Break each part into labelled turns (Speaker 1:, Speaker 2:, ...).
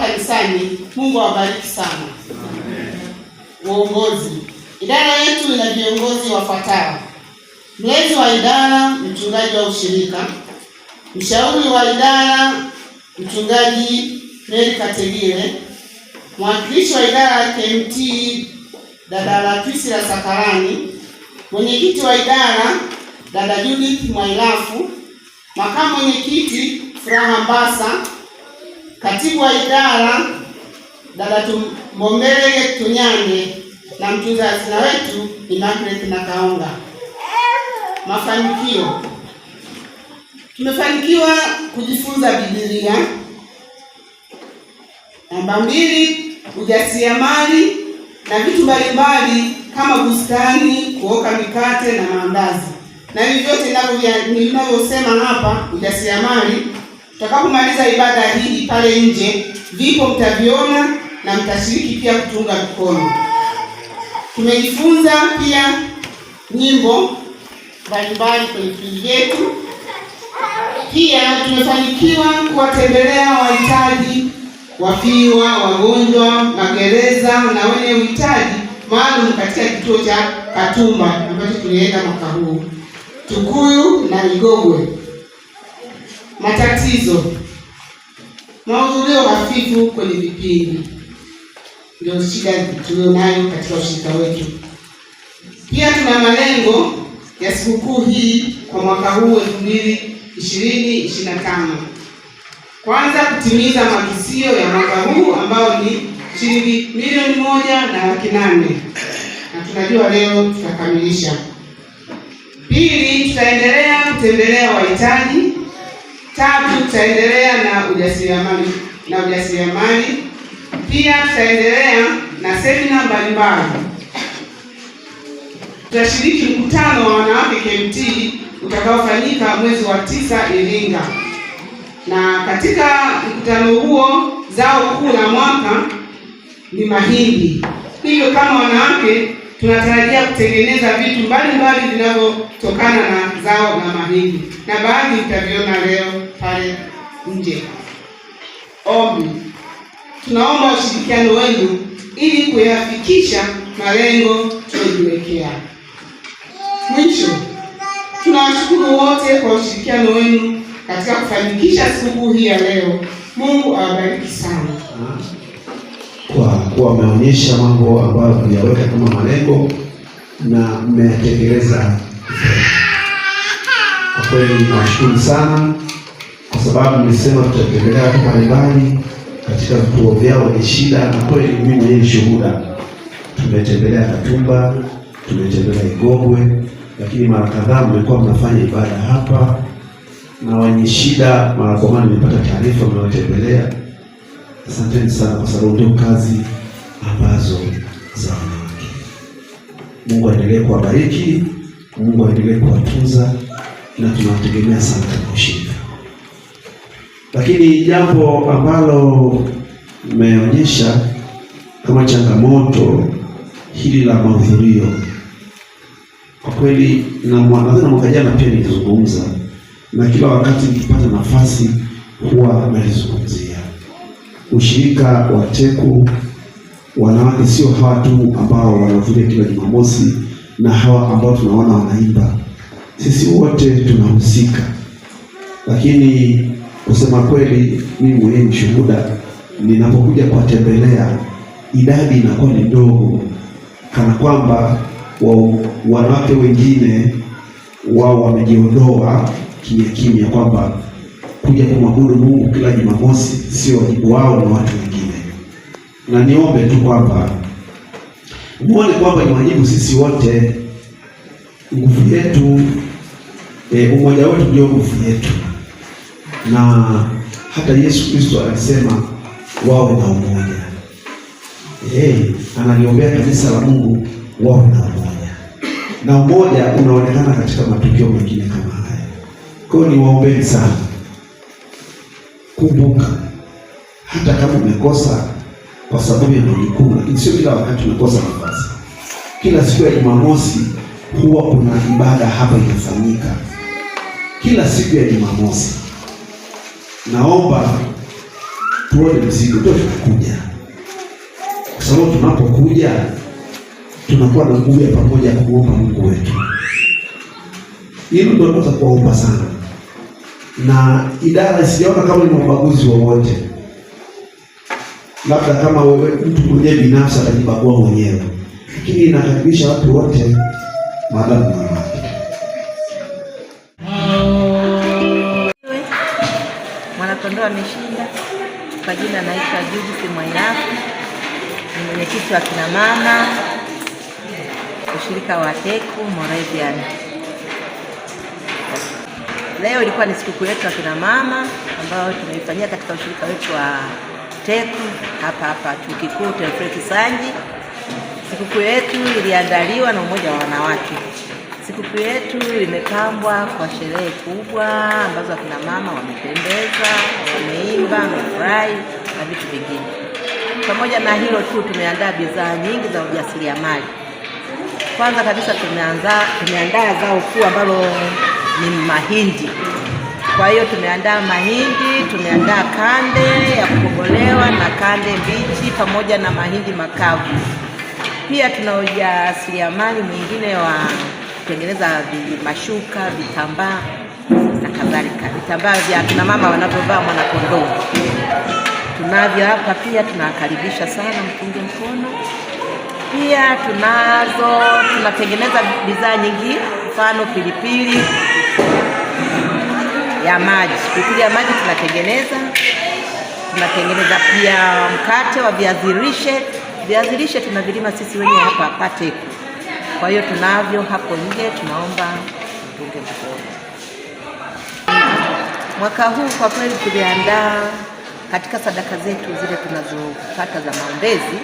Speaker 1: kanisani. Mungu awabariki sana. Uongozi. Idara yetu ina viongozi wafuatao: mlezi wa idara, mchungaji wa ushirika, mshauri wa idara, mchungaji Mary Kategile, mwakilishi wa idara ya KMT dada Latisi la Sakarani, mwenyekiti wa idara dada Judith Mwailafu, makamu mwenyekiti Furaha Mbasa Katibu wa idara dada Mbombele Tunyane na mtunza hazina wetu ni Immaculate Nakaonga. Mafanikio, tumefanikiwa kujifunza Biblia. Namba mbili, ujasiriamali na vitu mbalimbali kama bustani, kuoka mikate na maandazi, na hivi vyote ninavyosema hapa, ujasiriamali Tutakapomaliza ibada hii pale nje, vipo mtaviona na mtashiriki pia kutunga mikono. Tumejifunza pia nyimbo mbalimbali kwenye kipindi chetu. Pia tumefanikiwa kuwatembelea wahitaji, wafiwa, wagonjwa, magereza na wenye uhitaji maalum katika kituo cha Katumba ambacho tulienda mwaka huu, Tukuyu na Igogwe matatizo, mahudhurio hafifu kwenye vipindi ndio shida nayo katika ushirika wetu. Pia tuna malengo ya sikukuu hii kwa mwaka huu elfu mbili ishirini ishirini na tano. Kwanza, kutimiza makisio ya mwaka huu ambao ni shilingi milioni moja na laki nane na tunajua leo tutakamilisha. Pili, tutaendelea kutembelea wahitaji Tatu, tutaendelea na ujasiriamali na ujasiriamali. Pia tutaendelea na semina mbalimbali. Tutashiriki mkutano wa wanawake KMT utakaofanyika mwezi wa tisa Iringa, na katika mkutano huo zao kuu la mwaka ni mahindi. Hivyo kama wanawake tunatarajia kutengeneza vitu mbalimbali vinavyotokana na zao la mahindi na baadhi mtaviona leo pale nje. Ombi, tunaomba ushirikiano wenu ili kuyafikisha malengo tuliyojiwekea. Mwisho, tunawashukuru wote kwa ushirikiano wenu katika kufanikisha sikukuu hii ya leo. Mungu awabariki sana
Speaker 2: kwa kuwa ameonyesha mambo ambayo tuliyaweka kama malengo na mmeyatekeleza. Kwa kweli nawashukuru sana, kwa sababu nimesema tutatembelea watu mbalimbali katika vituo vyao wenye shida, na kweli mimi mwenyewe shuhuda. Tumetembelea Katumba, tumetembelea Igogwe, lakini mara kadhaa mmekuwa mnafanya ibada hapa, na wenye shida mara kwa mara nimepata taarifa mnawatembelea Asanteni sana kwa sababu ndio kazi ambazo za wanawake. Mungu aendelee kuwabariki, Mungu aendelee kuwatunza, na tunawategemea sana kushinda. Lakini jambo ambalo mmeonyesha kama changamoto hili la mahudhurio, kwa kweli na mwaka jana pia nilizungumza, na kila wakati nikipata nafasi huwa nalizungumzia ushirika wa TEKU wanawake sio hawa tu ambao wanavuja kila Jumamosi na hawa ambao tunaona wanaimba, sisi wote tunahusika. Lakini kusema kweli, mimi mwenyewe shuhuda, ninapokuja kuwatembelea idadi inakuwa ni ndogo, kana kwamba wanawake wengine wao wamejiondoa kimya kimya kwamba kuja kumwabudu Mungu kila Jumamosi sio wajibu wao na watu wengine. Na niombe tu kwamba muone kwamba ni wajibu sisi wote, nguvu yetu e, umoja wetu ndio nguvu yetu, na hata Yesu Kristo alisema wawe na umoja. Hey, eh, analiombea kanisa la Mungu wawe na umoja, na umoja unaonekana katika matukio mengine kama haya. Kwa hiyo niwaombeni sana. Kumbuka hata kama umekosa kwa sababu ya majukumu, lakini sio kila wakati umekosa nafasi. Kila siku ya Jumamosi huwa kuna ibada hapa inafanyika kila siku ya Jumamosi. Naomba tuone mzigo ndio tunakuja, kwa sababu tunapokuja tunakuwa na nguvu ya pamoja kuomba Mungu wetu. Hilo ndio naweza kuwaomba sana na idara isiona kama ina ubaguzi wowote, labda kama wewe mtu mwenyewe binafsi atajibagua mwenyewe, lakini inakaribisha watu wote maadamu na watu
Speaker 3: Mwanakondoo ameshinda. Kwa jina naitwa Judith Mwainafu, ni mwenyekiti wa kinamama ushirika wa teku Moravian. Leo ilikuwa ni sikukuu yetu ya kina mama ambayo tumeifanyia katika ushirika wetu wa TEKU hapa hapa Chuo Kikuu Teofili Kisanji. Sikukuu yetu iliandaliwa na Umoja wa Wanawake. Sikukuu yetu imepambwa kwa sherehe kubwa ambazo wakina mama wamependeza, wameimba, wamefurahi na vitu vingine. Pamoja na hilo tu, tumeandaa bidhaa nyingi za ujasiriamali. Kwanza kabisa tumeanza tumeandaa zao kuu ambalo ni mahindi. Kwa hiyo tumeandaa mahindi, tumeandaa kande ya kukobolewa na kande mbichi pamoja na mahindi makavu. Pia tuna ujasiriamali mwingine wa kutengeneza mashuka, vitambaa na kadhalika, vitambaa vya kina mama wanavyovaa mwanakondoo tunavyo hapa. Pia tunawakaribisha sana mpunge mkono. Pia tunazo tunatengeneza bidhaa nyingi, mfano pilipili ya maji. Vipuli ya maji tunatengeneza, tunatengeneza pia mkate wa viazi lishe. Viazi lishe tunavilima sisi wenyewe hapa Pateku, kwa hiyo tunavyo hapo nje, tunaomba tunge mkono. Mwaka huu kwa kweli tuliandaa katika sadaka zetu zile tunazopata za maombezi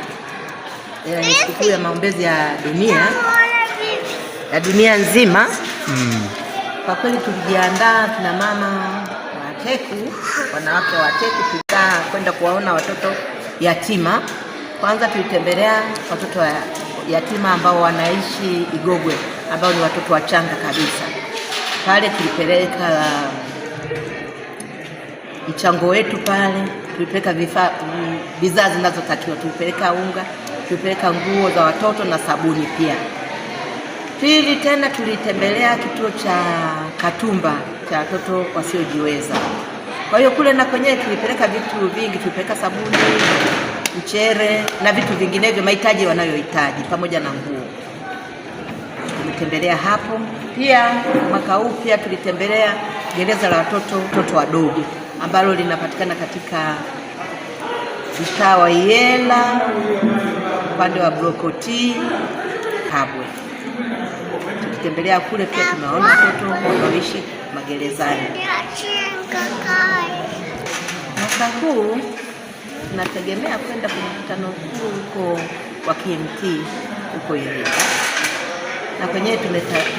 Speaker 3: eh, ni sikukuu ya maombezi ya dunia ya dunia nzima mm. Kwa kweli tulijiandaa kina mama wa TEKU, wanawake wa TEKU, tulikaa kwenda kuwaona watoto yatima. Kwanza tulitembelea watoto wa yatima ambao wanaishi Igogwe, ambao ni watoto wachanga kabisa. Pale tulipeleka mchango wetu pale, tulipeleka vifaa, bidhaa zinazotakiwa, tulipeleka unga, tulipeleka nguo za watoto na sabuni pia. Pili tena tulitembelea kituo cha Katumba cha watoto wasiojiweza. Kwa hiyo kule na kwenyewe tulipeleka vitu vingi, tulipeleka sabuni, mchere na vitu vinginevyo mahitaji wanayohitaji pamoja na nguo. Tulitembelea hapo pia. Mwaka huu pia tulitembelea gereza la watoto watoto wadogo ambalo linapatikana katika mtaa wa Iela upande wa Blokoti Kabwe. Tukitembelea kule pia tunaona watoto wanaoishi magerezani. Mwaka huu tunategemea kwenda kwenye mkutano mkuu huko wa KMT huko Iringa, na kwenyewe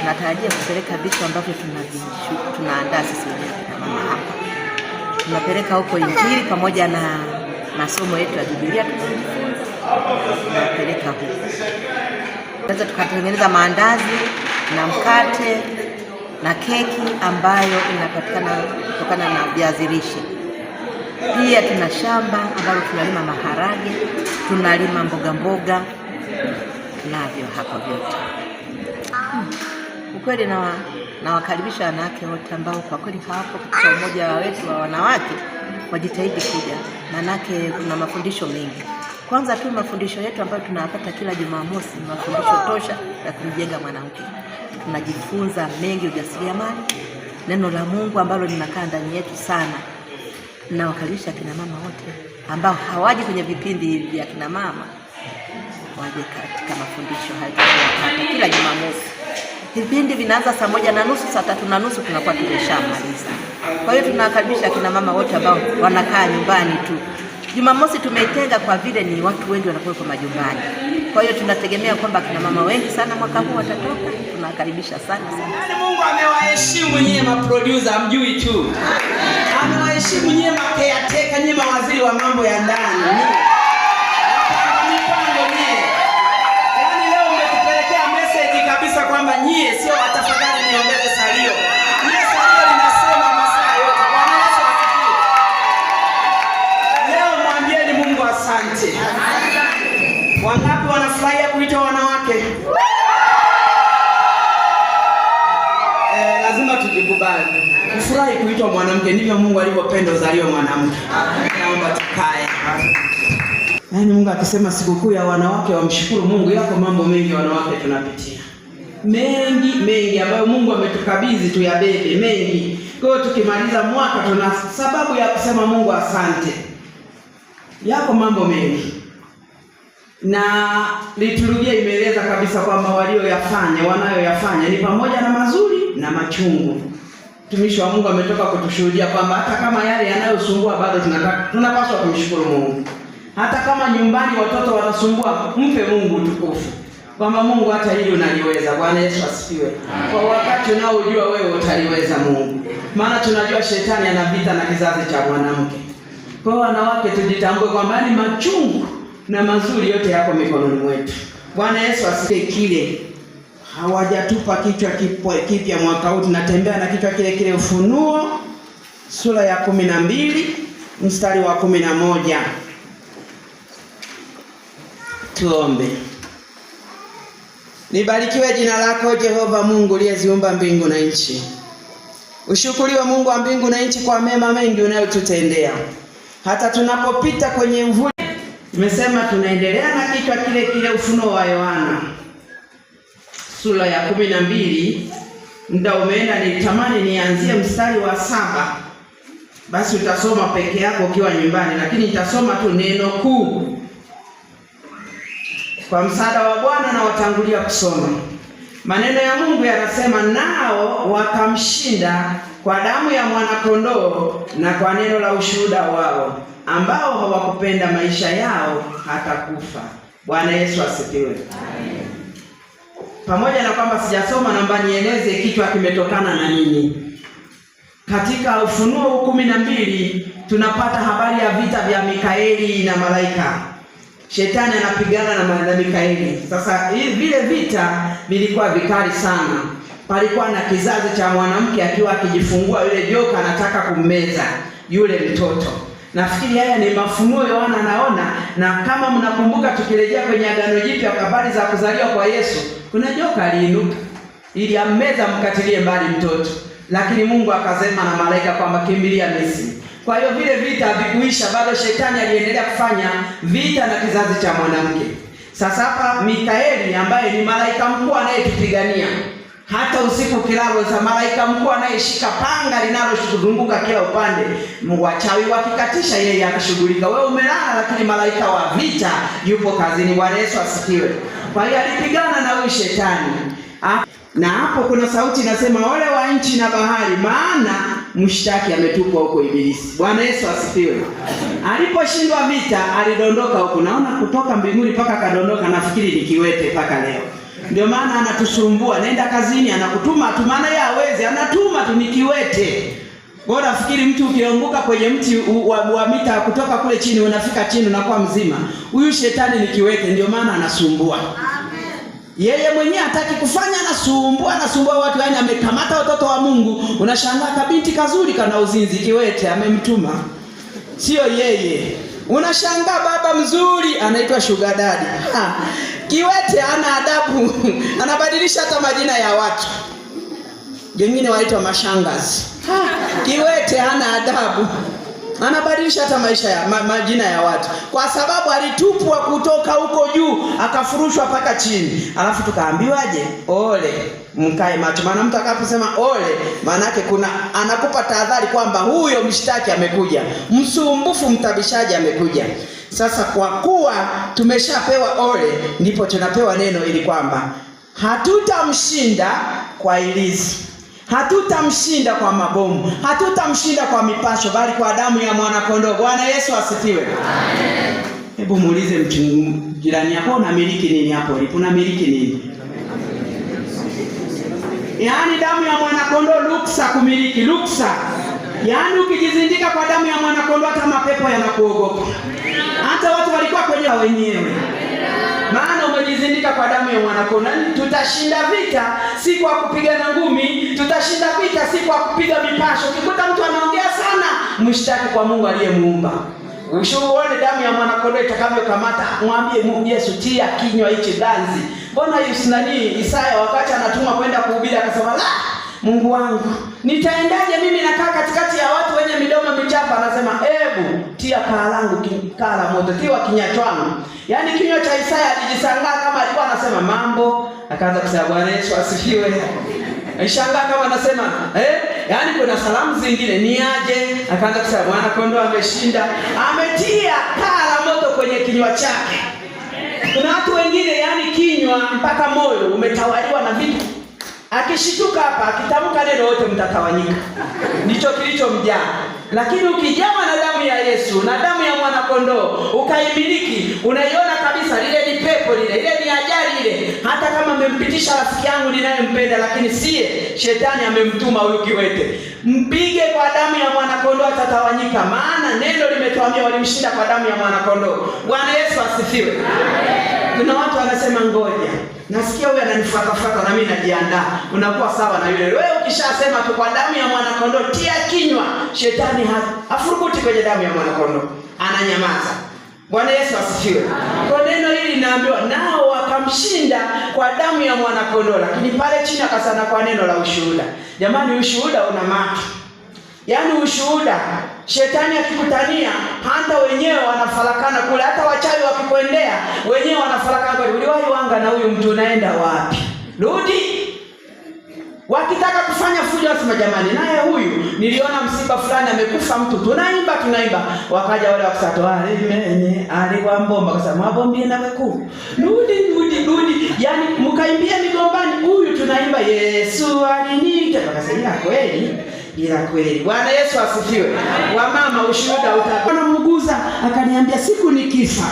Speaker 3: tunatarajia kupeleka vitu ambavyo tunaandaa sisi wenyewe kina mama hapa. Tunapeleka huko Injili pamoja na masomo yetu ya Biblia tunajifunza, tunapeleka huko, tunaweza tukatengeneza maandazi na mkate na keki ambayo inapatikana kutokana na viazi lishe. Pia tuna shamba ambalo tunalima maharage, tunalima mboga mboga, tunavyo hapa vyote. Hmm. Ukweli na nawakaribisha wanawake wote ambao kwa kweli hawapo katika umoja wetu wa wanawake wajitahidi kuja, manake kuna mafundisho mengi. Kwanza tu mafundisho yetu ambayo tunayapata kila Jumamosi ni mafundisho tosha ya kumjenga mwanamke. Tunajifunza mengi ujasiriamali, neno la Mungu ambalo linakaa ndani yetu sana. Nawakaribisha kina mama wote ambao hawaji kwenye vipindi hivi vya kina mama waje katika mafundisho haya kila Jumamosi. Vipindi vinaanza saa moja na nusu, saa tatu na nusu tunakuwa tumeshamaliza. Kwa hiyo tunawakaribisha kina mama wote ambao wanakaa nyumbani tu. Jumamosi tumeitenga kwa vile ni watu wengi kwa majumbani, kwa hiyo tunategemea kwamba kina mama wengi sana mwaka huu watatoka. Tunawakaribisha sana
Speaker 4: sana. Mungu amewaheshimu nyie maproducer, amjui tu amewaheshimu nyie makeateka, nyie mawaziri wa mambo ya ndani akisema sikukuu ya wanawake, wamshukuru Mungu. Yako mambo mengi wanawake tunapitia mengi mengi, ambayo Mungu ametukabidhi tuyabebe mengi. Kwa hiyo tukimaliza mwaka, tuna sababu ya kusema Mungu asante. Yako mambo mengi, na liturujia imeeleza kabisa kwamba walioyafanya, wanayoyafanya ni pamoja na mazuri na machungu. Mtumishi wa Mungu ametoka kutushuhudia kwamba hata kama yale yanayosumbua bado tunataka tunapaswa kumshukuru Mungu. Hata kama nyumbani watoto wanasumbua, mpe Mungu utukufu kwamba Mungu hata hili unaliweza. Bwana Yesu asifiwe. Kwa wakati unaojua wewe utaliweza Mungu, maana tunajua shetani anavita na kizazi cha mwanamke. Kwa hiyo wanawake, tujitambue kwamba ni machungu na mazuri yote yako mikononi mwetu. Bwana Yesu asifiwe. Kile hawajatupa kichwa kipya mwaka huu, tunatembea na kichwa kile kile, Ufunuo sura ya kumi na mbili mstari wa kumi na moja. Tuombe. Libarikiwe jina lako Jehova Mungu uliyeziumba mbingu na nchi. Ushukuriwe Mungu wa mbingu na nchi kwa mema mengi unayotutendea. Hata tunapopita kwenye mvuli, tumesema tunaendelea na kichwa kile kile, Ufunuo wa Yohana sura ya kumi na mbili. Muda umeenda, nitamani nianzie mstari wa saba, basi utasoma peke yako ukiwa nyumbani, lakini nitasoma tu neno kuu kwa msaada wa Bwana na watangulia kusoma. Maneno ya Mungu yanasema, nao wakamshinda kwa damu ya mwanakondoo na kwa neno la ushuhuda wao, ambao hawakupenda maisha yao hata kufa. Bwana Yesu asifiwe. Pamoja na kwamba sijasoma, naomba nieleze kichwa kimetokana na nini. Katika Ufunuo kumi na mbili tunapata habari ya vita vya Mikaeli na malaika Shetani anapigana na, na Mikaeli. Sasa vile vita vilikuwa vikali sana. Palikuwa na kizazi cha mwanamke akiwa akijifungua, yule joka anataka kummeza yule mtoto. Nafikiri haya ni mafunuo Yohana anaona, na kama mnakumbuka, tukirejea kwenye Agano Jipya, habari za kuzaliwa kwa Yesu, kuna joka aliinuka ili ammeza, mkatilie mbali mtoto, lakini Mungu akasema na malaika kwamba kimbilia Misri. Kwa hiyo vile vita havikuisha, bado shetani aliendelea kufanya vita na kizazi cha mwanamke. Sasa hapa Mikaeli ambaye ni malaika mkuu anayetupigania hata usiku kilalo za malaika mkuu anayeshika panga linalozunguka kila upande, wachawi wakikatisha, yeye akishughulika Wewe umelala, lakini malaika wa vita yupo kazini. Bwana Yesu asifiwe. Kwa hiyo alipigana na huyu shetani, ah, na hapo kuna sauti inasema, ole wa nchi na bahari, maana mshtaki ametupwa huko Ibilisi. Bwana Yesu asifiwe. Aliposhindwa vita alidondoka huko, naona kutoka mbinguni mpaka akadondoka, nafikiri ni kiwete mpaka leo. Ndio maana anatusumbua, nenda kazini, anakutuma tu, maana yeye hawezi, anatuma tu, ni kiwete. Kwa nafikiri mtu ukianguka kwenye mti wa, wa mita kutoka kule chini unafika chini unakuwa mzima. Huyu shetani ni kiwete, ndio maana anasumbua. Yeye mwenyewe hataki kufanya, nasumbua nasumbua watu, yaani amekamata watoto wa Mungu. Unashangaa kabinti kazuri kana uzinzi, kiwete amemtuma, sio yeye. Unashangaa baba mzuri anaitwa sugar daddy. kiwete ana adabu anabadilisha hata majina ya watu, gengine waitwa mashangazi. kiwete ana adabu anabadilisha hata maisha ya ma, majina ya watu, kwa sababu alitupwa kutoka huko juu akafurushwa mpaka chini. Alafu tukaambiwaje? Ole, mkae macho, maana mtu akaposema ole, maanake kuna anakupa tahadhari kwamba huyo mshtaki amekuja, msumbufu, mtabishaji amekuja. Sasa kwa kuwa tumeshapewa ole, ndipo tunapewa neno ili kwamba hatutamshinda kwa ilizi Hatutamshinda kwa mabomu, hatutamshinda kwa mipasho, bali kwa damu ya mwanakondoo. Bwana Yesu asifiwe, amen. Hebu muulize mtu jirani yako, unamiliki nini hapo ulipo? Unamiliki nini? Yaani damu ya mwanakondoo, luksa kumiliki, luksa Yaani ukijizindika kwa damu ya mwanakondoo, hata mapepo yanakuogopa, hata watu walikuwa kwenye wenyewe maana umejizindika kwa damu ya mwanakondoo. Tutashinda vita si kwa kupigana ngumi, tutashinda vita si kwa kupiga mipasho. Ukikuta mtu anaongea sana, mshtaki kwa Mungu aliyemuumba. Ushuone damu ya mwanakondoo itakavyokamata, mwambie Yesu, tia kinywa hichi ganzi. Mbona Yusnani Isaya wakati anatumwa kwenda kuhubiri akasema, la Mungu wangu nitaendaje mimi nakaa katikati ya mikono michafu anasema ebu tia kaa langu kaa la moto tiwa kinywa changu. Yaani kinywa cha Isaya alijisangaa kama alikuwa anasema mambo, akaanza kusema Bwana Yesu asifiwe. Aishangaa kama anasema eh, yaani kuna salamu zingine ni aje, akaanza kusema Bwana kondoo ameshinda, ametia kaa la moto kwenye kinywa chake. Kuna watu wengine yaani kinywa mpaka moyo umetawaliwa na vitu Akishituka hapa akitamka neno wote mtatawanyika. Ndicho kilichomjaa. Lakini ukijawa na damu ya Yesu na damu ya mwanakondoo ukaimiliki, unaiona kabisa, lile ni pepo lile, ile ni ajali ile. Hata kama amempitisha rafiki yangu ninayempenda, lakini siye shetani amemtuma ukiwete kiwete, mpige kwa damu ya mwanakondoo, atatawanyika. Maana neno limetuambia walimshinda kwa damu ya mwanakondoo. Bwana Yesu asifiwe. Kuna watu wanasema ngoja nasikia huyu ananifuatafuata, na mimi najiandaa. Unakuwa sawa na yule wewe. Ukishasema tu kwa damu ya mwanakondoo tia kinywa, shetani afurukuti kwenye damu ya mwanakondoo, ananyamaza. Bwana Yesu asifiwe. Kwa neno hili naambiwa nao wakamshinda kwa damu ya mwanakondoo, lakini pale chini akasana kwa neno la ushuhuda. Jamani, ushuhuda una maana yaani, ushuhuda shetani akikutania hata wenyewe wanafarakana kula kuendea wenyewe wanafaraka, uliwahi wanga na huyu mtu unaenda wapi? Rudi. Wakitaka kufanya fujo, wasema jamani, naye huyu niliona msiba fulani amekufa mtu, tunaimba tunaimba. Wakaja wale wakisato alimene aliwa mbomba, kasema mabombie na weku, rudi rudi rudi, yani mkaimbia migombani, huyu tunaimba Yesu alinita wakasema kweli ila kweli. Bwana Yesu asifiwe. Wamama, ushuhuda utaona. muguza akaniambia siku nikifa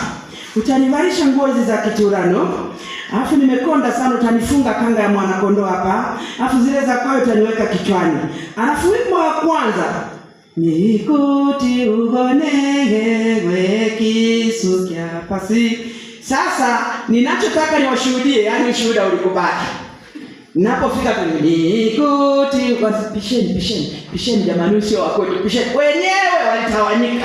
Speaker 4: utanivaisha nguo hizi za kiturano, alafu nimekonda sana, utanifunga kanga ya mwanakondoo hapa, alafu zile za kwawe utaniweka kichwani, alafu wimbo wa kwanza nikuti ugoneyewe kisu kya pasi. Sasa ninachotaka niwashuhudie, yani ushuhuda ulikubaki Napofika kwenye nikuti, pisheni, pisheni, pisheni jamani, sio wakwetu, pisheni. Wenyewe walitawanyika.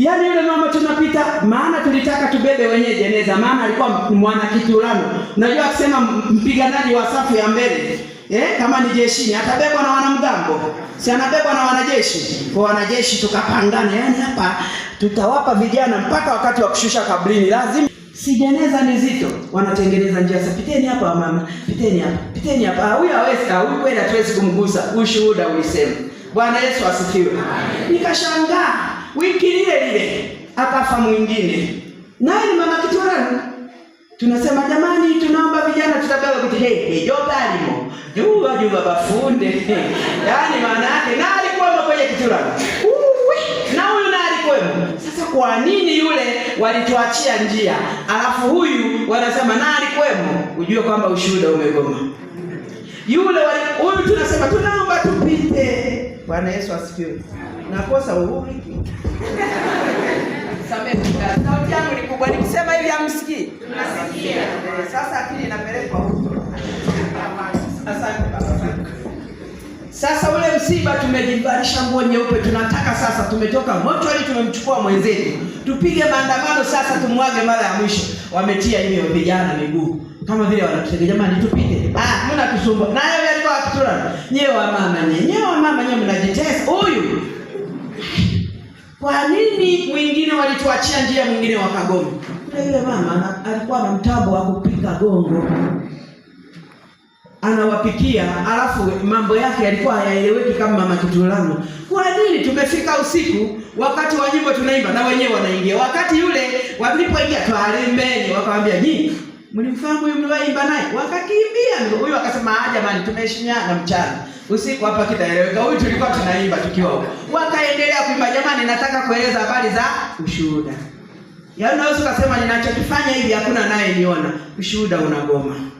Speaker 4: Yaani yule mama tunapita, maana tulitaka tubebe wenyewe jeneza, maana alikuwa mwana kitulano. Najua akisema mpiganaji wa safu ya mbele eh, kama ni jeshini atabebwa na wanamgambo, si anabebwa na wanajeshi. Kwa wanajeshi tukapangana, yaani hapa tutawapa vijana mpaka wakati wa kushusha kabrini, lazima si jeneza ni zito, wanatengeneza njia. Sasa piteni hapa mama, piteni hapa, piteni hapa. Ah, huyu hawezi, ah, huyu kweli hatuwezi kumgusa. Ushuhuda ulisema. Bwana Yesu asifiwe. Nikashangaa wiki ile ile akafa mwingine, naye mama kitorani Tunasema jamani, tunaomba vijana tutapewa kuti hey, jobalimo jua jua bafunde yaani maana yake na alikwemo kwenye kitorani na huyu na alikwemo. Sasa kwa nini yule walituachia njia, alafu huyu wanasema na alikwemo? Ujue kwamba ushuhuda umegoma. Yule huyu tunasema tunaomba tupite Bwana Yesu asifiwe. Nakosa uhuriki sauti yangu ni kubwa, nikisema hivi hamsikii. Tunasikia sasa, akili inapelekwa huko. Asante baba. Sasa ule msiba, tumejivalisha nguo nyeupe, tunataka sasa, tumetoka mochwari, tumemchukua mwenzetu, tupige maandamano sasa, tumwage mara ya mwisho. Wametia hiyo vijana miguu kama vile wanatutega, jamani, tupige ah, mnatusumbua nayo watoto, nyewe wa mama, nyewe wa mama, nyewe mnajitesa huyu. Kwa nini mwingine walituachia njia, mwingine wakagoma? Kuna yule mama alikuwa na mtambo wa kupika gongo, anawapikia, alafu mambo yake yalikuwa hayaeleweki kama mama Kitulano. Kwa nini tumefika usiku, wakati wa nyimbo tunaimba na wenyewe wanaingia, wakati yule walipoingia, twarembeni, wakawambia nyinyi mlimfahamu huyu mliwaimba naye? Wakakimbia huyu, akasema ah, jamani, tumeheshimiana mchana, usiku hapa kitaeleweka, huyu tulikuwa tunaimba tukiwa huko. Wakaendelea kuimba. Jamani, nataka kueleza habari za ushuhuda. Yaani, unaweza ukasema ninachokifanya hivi hakuna naye niona, ushuhuda unagoma.